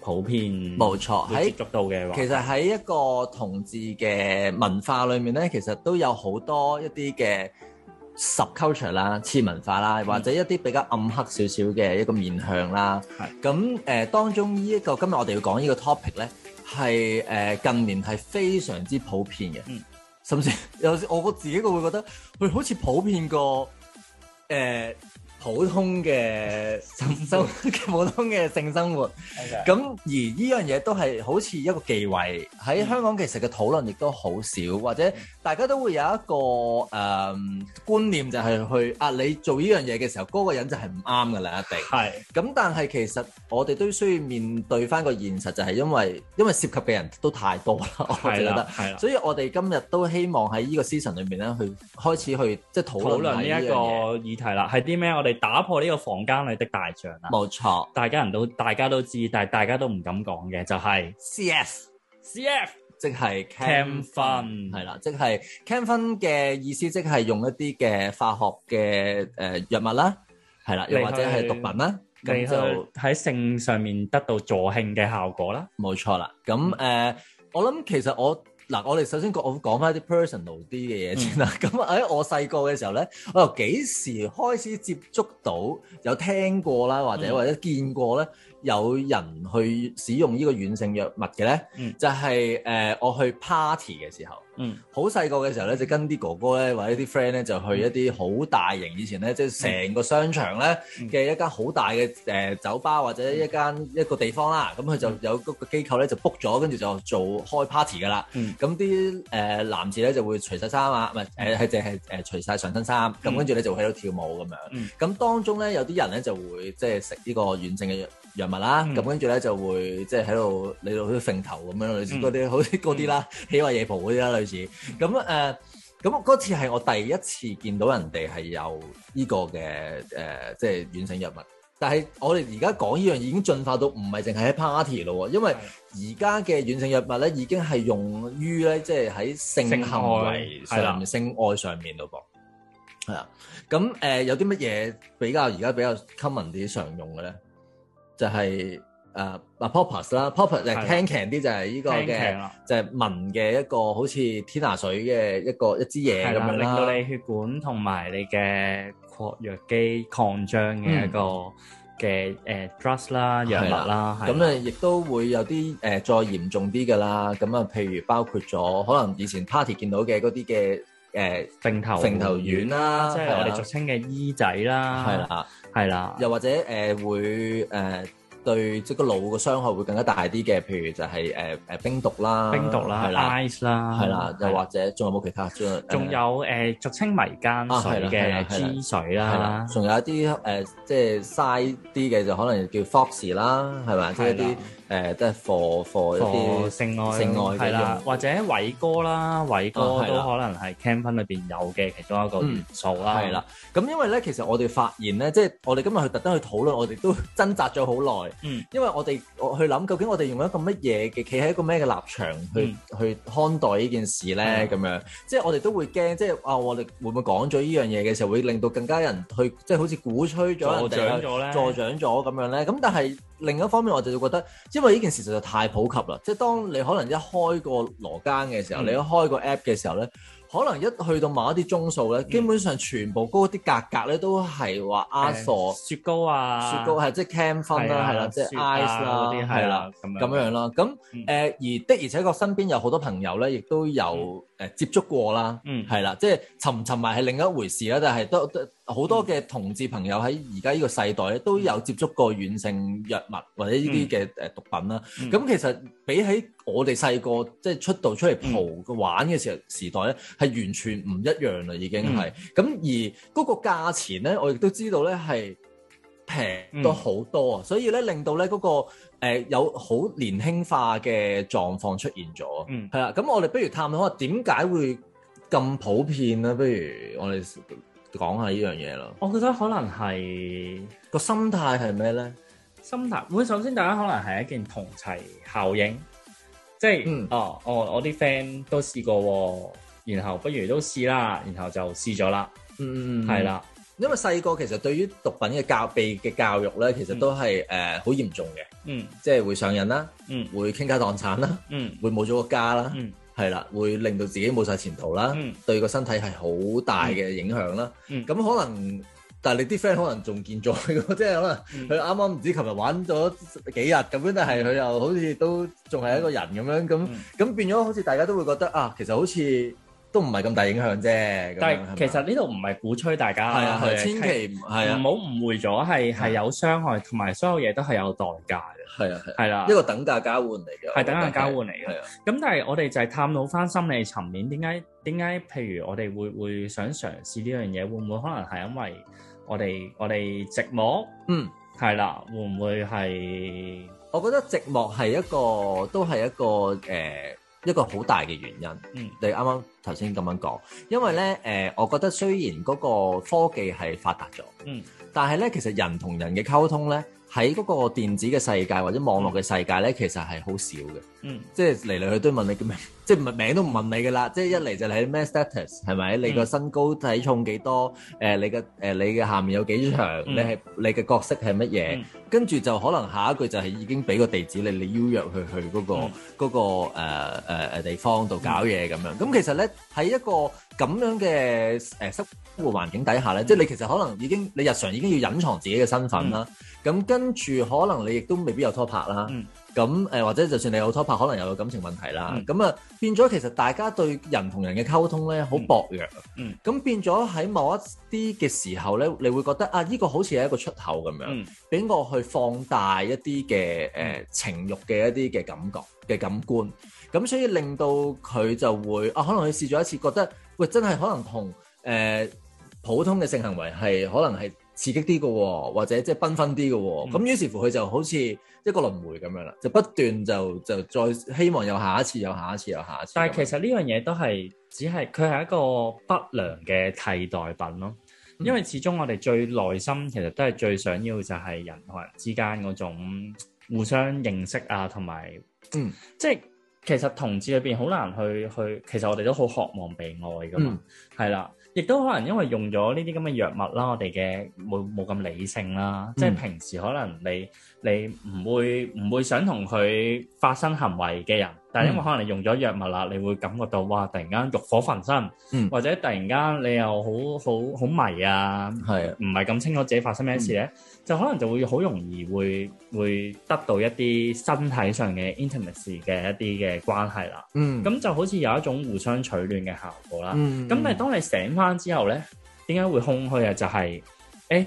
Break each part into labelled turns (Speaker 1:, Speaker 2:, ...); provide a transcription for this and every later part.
Speaker 1: 普遍冇錯，喺其實喺
Speaker 2: 一個同志嘅文化裏面咧，其實都有好多一啲嘅 subculture 啦、次文化啦，或者一啲比較暗黑少少嘅一個面向啦。係咁誒，當中呢、這、一個今日我哋要講呢個 topic 咧，係誒、呃、近年係非常之普遍嘅，嗯、甚至有時 我自己都會覺得佢好似普遍過誒。呃普通嘅性生，普通嘅性生活，咁而呢樣嘢都係好似一個忌諱，喺香港，其實嘅討論亦都好少，或者。大家都會有一個誒、呃、觀念就，就係去啊，你做呢樣嘢嘅時候，嗰、那個人就係唔啱㗎啦，一定的。係。咁但係其實我哋都需要面對返個現實，就係因為因為涉及嘅人都太多啦，的我覺得。係。所以我哋今日都希望喺呢個 season 裏面咧，去開始去即係討論呢一個
Speaker 1: 議題啦，係啲咩？我哋打破呢個房間裏的大象啦。冇錯。錯大家人都大家都知，但係大家都唔敢講嘅就係、是、CF。CF。即
Speaker 2: 係 can fun，係啦 Cam fun.，即係 can fun 嘅意思，即係用一啲嘅化學嘅誒、呃、藥物啦，係啦去，又或者係毒品啦，咁去就
Speaker 1: 喺性上面得到助
Speaker 2: 興嘅效果啦。冇錯啦，咁誒、嗯呃，我諗其實我。嗱，我哋首先講，我講翻啲 person a l 啲嘅嘢先啦。咁喺、嗯、 我細個嘅時候咧，我又幾時開始接觸到，有聽過啦，或者或者見過咧，有人去使用呢個遠性藥物嘅咧？嗯、就係、是、誒、呃，我去 party 嘅時候，好細個嘅時候咧，就跟啲哥哥咧或者啲 friend 咧，就去一啲好大型，以前咧即係成個商場咧嘅、嗯、一間好大嘅誒、呃、酒吧或者一間一個地方啦。咁、嗯、佢、嗯、就有嗰個機構咧就 book 咗，跟住就做開 party 噶啦。嗯咁啲誒男士咧就會除晒衫啊，唔係誒係淨係誒除晒上身衫，咁跟住咧就會喺度跳舞咁樣。咁當中咧有啲人咧就會即係食呢個軟性嘅藥物啦，咁跟住咧就會即係喺度你度都揈頭咁樣咯，嗰啲好嗰啲啦，起碼夜蒲嗰啲啦類似。咁誒，咁嗰次係我第一次見到人哋係有呢個嘅誒，即係軟性藥物。但係我哋而家講呢樣已經進化到唔係淨係喺 party 咯，因為而家嘅軟性藥物咧已經係用於咧，即係喺性行為上面、性愛上面咯噃。係啊，咁誒、呃、有啲乜嘢比較而家比較 common 啲常用嘅咧？就係、是。誒嗱，poppers 啦，poppers 咧，聽強啲就係呢個嘅，就係聞嘅一個好似天拿水嘅一個一支嘢咁樣，令到你血管同埋
Speaker 1: 你嘅括約肌擴張嘅一個嘅誒 drugs 啦藥物啦，咁咧
Speaker 2: 亦都會有啲誒再嚴重啲嘅啦，咁啊譬如包括咗可能以前 party 見到嘅嗰啲嘅誒搖頭搖頭丸啦，即係我哋俗稱嘅 E 仔啦，係啦係啦，又或者誒會誒。對，即係個腦個傷害會更加大啲嘅，譬如就係誒誒冰毒啦，係啦，啦，ice 啦，係啦，啦又或者仲有冇其他？仲仲有誒俗稱迷奸水嘅 G、啊、水啦，係啦，仲有一啲誒即係嘥啲嘅，呃就是、就可能叫 fox 啦，係咪？即係一啲。誒、呃，都係課課性愛，性愛嘅啦，或者偉哥啦，偉哥、啊、都可能係 camping 裏邊有嘅其中一個元素啦，係啦、嗯。咁因為咧，其實我哋發現咧，即、就、係、是、我哋今日去特登去討論，我哋都掙扎咗好耐。嗯。因為我哋去諗，究竟我哋用咗咁乜嘢嘅，企喺一個咩嘅立場去、嗯、去看待呢件事咧？咁、嗯、樣，即、就、係、是、我哋都會驚，即、就、係、是、啊，我哋會唔會講咗呢樣嘢嘅時候，會令到更加人去，即、就、係、是、好似鼓吹咗人哋咧，助長咗咁樣咧？咁但係另一方面，我就覺得。因為呢件事實在太普及啦，即係當你可能一開個羅間嘅時候，嗯、你一開個 app 嘅時候咧。可能一去到某一啲鐘數咧，基本上全部嗰啲價格咧都係話阿傻雪糕啊，雪糕係即係 can 分啦，係啦，即係 ice 啦嗰啲係啦，咁樣咁樣咯。咁誒而的而且確身邊有好多朋友咧，亦都有誒接觸過啦，係啦，即係沉沉埋係另一回事啦。但係都都好多嘅同志朋友喺而家呢個世代咧都有接觸過軟性藥物或者呢啲嘅誒毒品啦。咁其實比起。我哋細個即係出道出嚟蒲個玩嘅時代咧，係、嗯、完全唔一樣啦。已經係咁而嗰個價錢咧，我亦都知道咧係平咗好多啊，嗯、所以咧令到咧、那、嗰個、呃、有好年輕化嘅狀況出現咗。嗯，係啦。咁我哋不如探討下點解會咁普遍咧？不如我哋講下呢樣嘢啦。我覺得可能係個心態係咩咧？心
Speaker 1: 態會首先大家可能係一件同齊效應。即係哦，我我啲
Speaker 2: friend 都試過，然後不如都試啦，然後就試咗啦。
Speaker 1: 嗯嗯嗯，係啦。
Speaker 2: 因為細個其實對於毒品嘅教備嘅教育咧，其實都係誒好嚴重嘅。嗯，即係會上癮啦，嗯，會傾家蕩產啦，嗯，會冇咗個家啦，嗯，係啦，會令到自己冇晒前途啦，嗯，對個身體係好大嘅影響啦，嗯，咁可能。但係你啲 friend 可能仲健在，即係可能佢啱啱唔知琴日玩咗幾日咁樣，但係佢又好似都仲係一個人咁樣，咁咁變咗好似大家都會覺得啊，其實好似都唔係咁大影響啫。但係其實呢度唔係鼓
Speaker 1: 吹大家，係啊，千祈係唔好誤會咗係係有傷害，同埋所有嘢都係有代價嘅，係啊，係啦，一個等
Speaker 2: 價交換嚟嘅，係等價交換嚟嘅。
Speaker 1: 咁但係我哋就係探討返心理層面，點解點解？譬如我哋會會想嘗試呢樣嘢，會唔會可能係因為？我哋我哋寂寞，嗯，係啦，會唔會係？
Speaker 2: 我覺得寂寞係一個都係一個誒、呃、一個好大嘅原因。嗯，你啱啱頭先咁樣講，因為咧誒、呃，我覺得雖然嗰個科技係發達咗，嗯，但係咧其實人同人嘅溝通咧喺嗰個電子嘅世界或者網絡嘅世界咧，其實係好少嘅，嗯，即係嚟嚟去去，都問你叫咩？ 即係名都唔問你嘅啦，即係一嚟就係咩 status 係咪？你個身高體重幾多？誒、呃、你嘅誒、呃、你嘅下面有幾長？嗯、你係你嘅角色係乜嘢？跟住、嗯、就可能下一句就係已經俾個地址你，你邀約去去、嗰、嗰個嗰、嗯嗰個誒、呃呃、地方度搞嘢咁樣。咁、嗯、其實咧喺一個咁樣嘅誒、呃、生活環境底下咧，嗯、即係你其實可能已經你日常已經要隱藏自己嘅身份啦。咁跟住可能你亦都未必有拖拍啦。咁誒、呃，或者就算你有拖拍，可能又有感情問題啦。咁啊、嗯，變咗其實大家對人同人嘅溝通咧，好薄弱。嗯。咁、嗯、變咗喺某一啲嘅時候咧，你會覺得啊，呢、這個好似係一個出口咁樣，俾、嗯、我去放大一啲嘅誒情慾嘅一啲嘅感覺嘅感官。咁所以令到佢就會啊，可能佢試咗一次，覺得喂，真係可能同誒、呃、普通嘅性行為係可能係。刺激啲嘅，或者即係繽紛啲嘅，咁、嗯、於是乎佢就好似一個輪迴咁樣啦，就不斷就就再希望有下一次，有下一次，有下一次。但係其實呢樣嘢都係只係佢係一個不良嘅替代品咯，
Speaker 1: 因為始終我哋最內心其實都係最想要就係人同人之間嗰種互相認識啊，同埋嗯即係。其實同志裏邊好難去去，其實我哋都好渴望被愛㗎嘛，係啦、嗯，亦都可能因為用咗呢啲咁嘅藥物啦，我哋嘅冇冇咁理性啦，嗯、即係平時可能你你唔會唔會想同佢發生行為嘅人。但因為可能你用咗藥物啦，你會感覺到哇，突然間欲火焚身，嗯、或者突然間你又好好好迷啊，係啊，唔係咁清楚自己發生咩事咧？嗯、就可能就會好容易會會得到一啲身體上嘅 intimacy 嘅一啲嘅關係啦。咁、嗯、就好似有一種互相取暖嘅效果啦。咁但係當你醒翻之後咧，點解會空虛啊？就係、是、誒。誒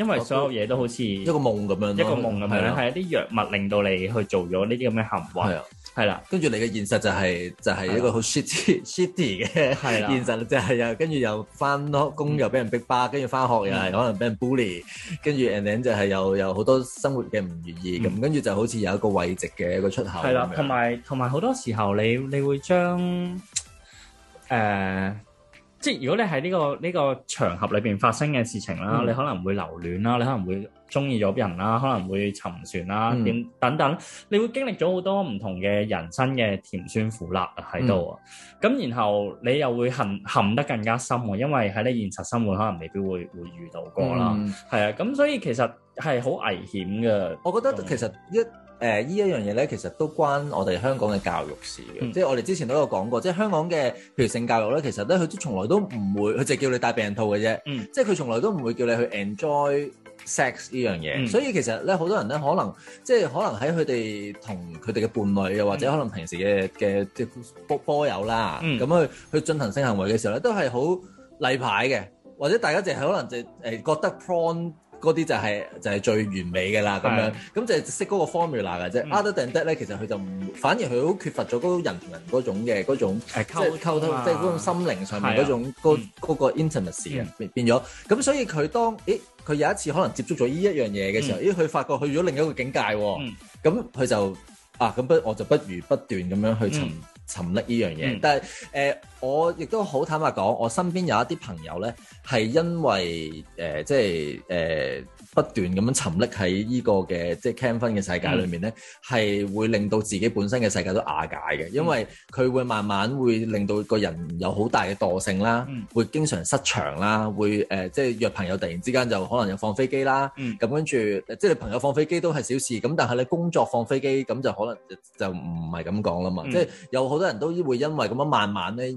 Speaker 1: 因為所有嘢都好似一個夢咁樣，一個夢咁樣，係一
Speaker 2: 啲藥物令到你去做咗呢啲咁嘅行為。係啊，係啦，跟住你嘅現實就係就係一個好 shitty shitty 嘅現實啦，即係又跟住又翻工又俾人逼巴，跟住翻學又係可能俾人 bully，跟住 and then 就係有有好多生活嘅唔如意咁，跟住就好似有一個慰藉嘅一個出口。係啦，同
Speaker 1: 埋同埋好多時候你你會將誒。即係如果你喺呢、呢個呢、呢個場合裏邊發生嘅事情啦、嗯，你可能會留戀啦，你可能會中意咗人啦，可能會沉船啦，點、嗯、等等，你會經歷咗好多唔同嘅人生嘅甜酸苦辣喺度。咁、嗯、然後你又會陷陷得更加深喎，因為喺你現實生活
Speaker 2: 可能未必會會遇到過啦。係啊、嗯，咁所以其實係好危險嘅。我覺得其實一。誒依、呃、一樣嘢咧，其實都關我哋香港嘅教育事嘅，嗯、即係我哋之前都有講過，即係香港嘅譬如性教育咧，其實咧佢都從來都唔會，佢就叫你戴避孕套嘅啫，嗯、即係佢從來都唔會叫你去 enjoy sex 呢樣嘢，嗯、所以其實咧好多人咧可能即係可能喺佢哋同佢哋嘅伴侶，又或者可能平時嘅嘅即係波友啦，咁、嗯、去去進行性行為嘅時候咧，都係好例牌嘅，或者大家就係可能就誒覺得 prone。嗰啲就係就係最完美嘅啦，咁樣咁就係識嗰個 formula 嘅啫。嗯、Other than that 咧，其實佢就唔，反而佢好缺乏咗嗰人同人嗰種嘅嗰種、哎、溝通、啊、溝通，即係嗰種心靈上面嗰種嗰個 intimacy 啊、嗯，變咗。咁所以佢當，咦佢有一次可能接觸咗呢一樣嘢嘅時候，嗯、咦佢發覺去咗另一個境界喎。咁佢、嗯、就啊咁不，我就不如不斷咁樣去尋、嗯。沉溺呢樣嘢，嗯、但係誒、呃、我亦都好坦白講，我身邊有一啲朋友咧，係因為誒、呃、即係誒、呃、不斷咁樣沉溺喺呢個嘅即係 Cam 嘅世界裏面咧，係、嗯、會令到自己本身嘅世界都瓦解嘅，因為佢會慢慢會令到個人有好大嘅惰性啦，嗯、會經常失場啦，會誒、呃、即係約朋友突然之間就可能又放飛機啦，咁跟住即係朋友放飛機都係小事，咁但係你工作放飛機咁就可能就唔係咁講啦嘛，即係有好。好多人都會因為咁樣慢慢咧，而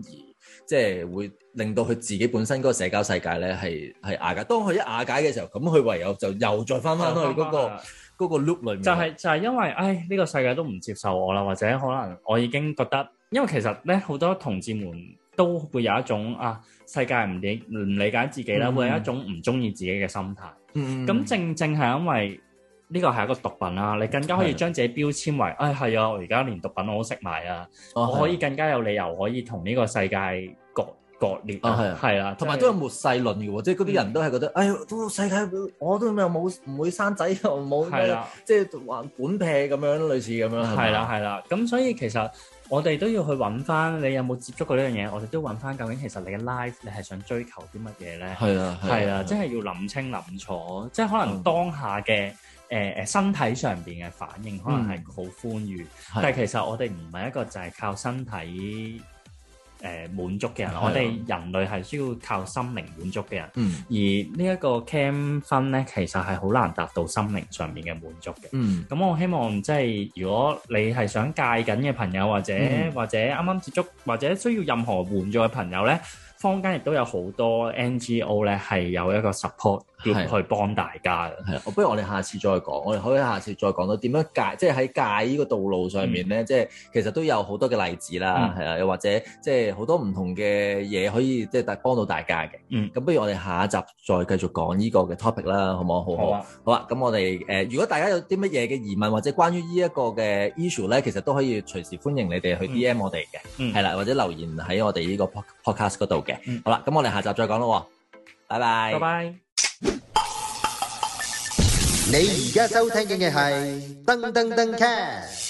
Speaker 2: 即係會令到佢自己本身嗰個社交世界咧係係瓦解。當佢一瓦解嘅時候，咁佢唯有就又再返返去嗰個 loop 裏
Speaker 1: 面。就係、是、就係、是、因為，唉，呢、這個世界都唔接受我啦，或者可能我已經覺得，因為其實咧，好多同志們都會有一種啊，世界唔理唔理解自己啦，嗯、會有一種唔中意自己嘅心態。嗯咁、嗯、正正係因為。呢個係一個毒品啦，你更加可以將自己標籤為，唉係啊，我而家連毒品我都食埋啊，我可以更加有理由可以同呢個世界割割裂啊，係啊，係同埋都有末世論嘅
Speaker 2: 喎，即係嗰啲人都係覺得，唉、哎、都世界，我都咁樣又冇唔會生仔又冇咩，即係玩本屁咁樣類似咁樣，係啦係
Speaker 1: 啦，咁所以其實。
Speaker 2: 我哋都要去揾
Speaker 1: 翻你有冇接觸過呢樣嘢？我哋都揾翻究竟其實你嘅 life 你係想追求啲乜嘢咧？係啊，係啊，即係要諗清諗楚，即係可能當下嘅誒誒身體上邊嘅反應，可能係好歡愉，嗯、但係其實我哋唔係一個就係靠身體。誒、呃、滿足嘅人，啊、我哋人類係需要靠心靈滿足嘅人，嗯、而呢一個 CAM 分咧，其實係好難達到心靈上面嘅滿足嘅。咁、嗯、我希望即係如果你係想戒緊嘅朋友，或者、嗯、或者啱啱接觸，或者需要任何援助嘅朋友咧，坊間亦都有好多 NGO 咧
Speaker 2: 係有一個 support。去幫大家嘅，係啊，不如我哋下次再講，我哋可以下次再講到點樣戒，即係喺戒呢個道路上面咧，即係其實都有好多嘅例子啦，係啊，又或者即係好多唔同嘅嘢可以即係大幫到大家嘅。嗯，咁不如我哋下一集再繼續講呢個嘅 topic 啦，好唔好？好好好啊，咁我哋誒，如果大家有啲乜嘢嘅疑問或者關於呢一個嘅 issue 咧，其實都可以隨時歡迎你哋去 DM 我哋嘅，係啦，或者留言喺我哋呢個 podcast 嗰度嘅。好啦，咁我哋下集再講咯，拜拜。拜拜。你而家收聽嘅係
Speaker 1: 噔噔噔 cat。